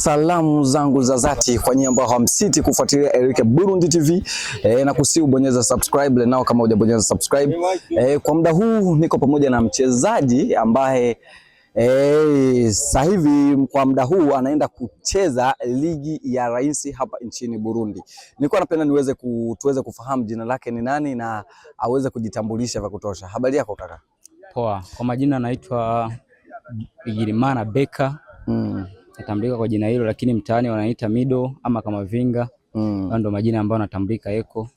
Salamu zangu za dhati kwa nyinyi ambao hamsiti kufuatilia Eric Burundi TV e, eh, na kusi ubonyeza subscribe na nao kama hujabonyeza subscribe e, kwa muda huu niko pamoja na mchezaji ambaye e, sasa hivi kwa muda huu anaenda kucheza ligi ya rais hapa nchini Burundi. Nilikuwa napenda niweze ku, tuweze kufahamu jina lake ni nani na aweze kujitambulisha vya kutosha. Habari yako kaka? Poa. Kwa majina anaitwa Igirimana Beka. Mm natambulika kwa jina hilo, lakini mtaani wananiita Mido ama kama Vinga mm. Ndio majina ambayo natambulika Eko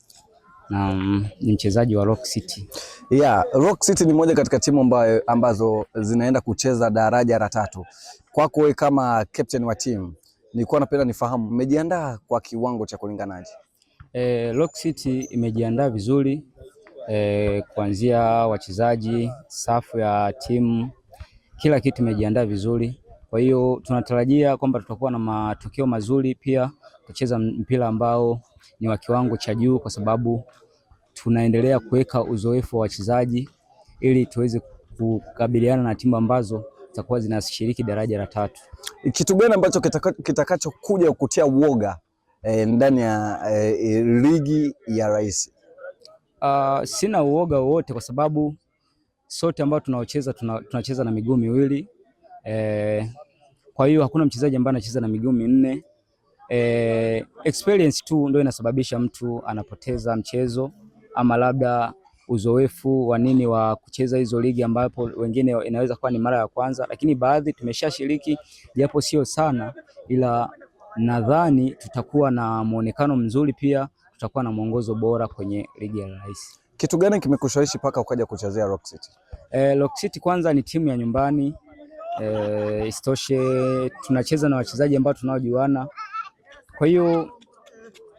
na um, ni mchezaji wa Rock City. Yeah, Rock City ni moja katika timu ambayo ambazo zinaenda kucheza daraja la tatu. Kwako wewe kama captain wa timu, nilikuwa napenda nifahamu umejiandaa kwa kiwango cha kulinganaje? Eh, Rock City imejiandaa vizuri eh, kuanzia wachezaji, safu ya timu, kila kitu imejiandaa vizuri kwa hiyo tunatarajia kwamba tutakuwa na matokeo mazuri, pia kucheza mpira ambao ni wa kiwango cha juu, kwa sababu tunaendelea kuweka uzoefu wa wachezaji ili tuweze kukabiliana na timu ambazo zitakuwa zinashiriki daraja la tatu. Kitu gani ambacho kitakachokuja kitaka kutia uoga eh, ndani ya eh, eh ligi ya rais? Uh, sina uoga wowote kwa sababu sote ambao tunaocheza tunacheza tuna na miguu miwili E, kwa hiyo hakuna mchezaji ambaye anacheza na miguu minne. E, experience tu ndio inasababisha mtu anapoteza mchezo ama labda uzoefu wa nini wa kucheza hizo ligi ambapo wengine inaweza kuwa ni mara ya kwanza, lakini baadhi tumeshashiriki japo sio sana, ila nadhani tutakuwa na mwonekano mzuri, pia tutakuwa na mwongozo bora kwenye ligi ya rais. Kitu gani kimekushawishi mpaka ukaja kuchezea Rock City? Eh, Rock City kwanza ni timu ya nyumbani E, isitoshe tunacheza na wachezaji ambao tunaojuana, kwa hiyo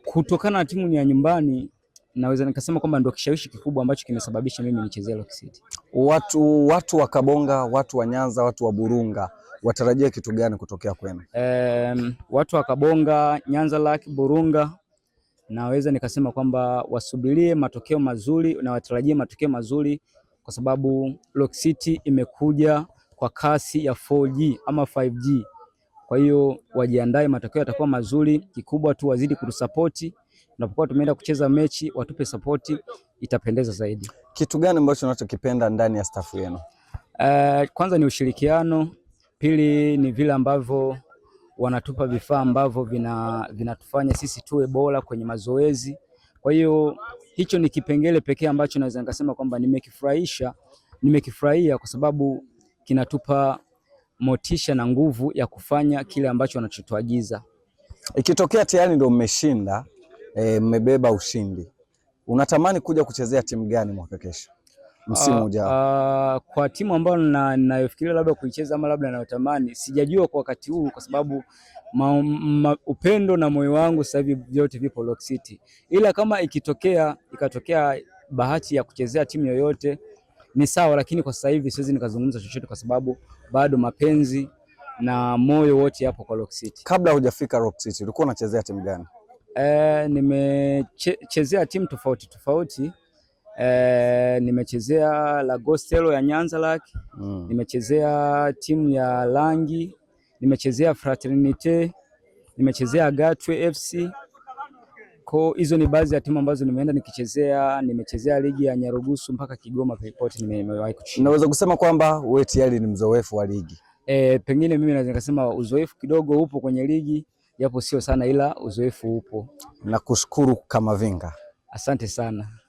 kutokana na timu ni ya nyumbani naweza nikasema kwamba ndio kishawishi kikubwa ambacho kimesababisha mimi nichezee Rock City. Watu watu wa Kabonga, watu wa Nyanza, watu wa Burunga watarajia kitu gani kutokea kwenu? Um, watu wa Kabonga, Nyanza Lak, Burunga naweza nikasema kwamba wasubirie matokeo mazuri na watarajie matokeo mazuri kwa sababu Rock City imekuja kwa kasi ya 4G ama 5G. Kwa hiyo wajiandae, matokeo yatakuwa mazuri. Kikubwa tu wazidi kutusapoti, tunapokuwa tumeenda kucheza mechi watupe sapoti, itapendeza zaidi. Kitu gani ambacho unachokipenda ndani ya stafu yenu? Uh, kwanza ni ushirikiano, pili ni vile ambavyo wanatupa vifaa ambavyo vina vinatufanya sisi tuwe bora kwenye mazoezi. Kwa hiyo hicho ni kipengele pekee ambacho naweza nikasema kwamba nimekifurahisha nimekifurahia kwa sababu kinatupa motisha na nguvu ya kufanya kile ambacho wanachotuagiza. Ikitokea tayari ndio mmeshinda, eh, mmebeba e, ushindi, unatamani kuja kuchezea timu gani mwaka kesho, msimu ah, ujao? Ah, kwa timu ambayo ninayofikiria na labda kuicheza ama labda nayotamani, sijajua kwa wakati huu, kwa sababu ma, ma, upendo na moyo wangu sasa hivi vyote vipo Lock City, ila kama ikitokea ikatokea bahati ya kuchezea timu yoyote ni sawa, lakini kwa sasa hivi siwezi nikazungumza chochote kwa sababu bado mapenzi na moyo wote yapo kwa Rock City. Kabla hujafika Rock City ulikuwa unachezea timu gani? E, nimechezea timu tofauti tofauti. E, nimechezea Lagostelo ya Nyanza Laki mm. nimechezea timu ya Langi, nimechezea Fraternite, nimechezea Gatwe FC kwa hizo ni baadhi ya timu ambazo nimeenda nikichezea, nimechezea ligi ya Nyarugusu mpaka Kigoma Port nimewahi kucheza. Naweza kusema kwamba wewe tayari ni mzoefu wa ligi. E, pengine mimi naweza nikasema uzoefu kidogo upo kwenye ligi japo sio sana, ila uzoefu upo. Nakushukuru vinga asante sana.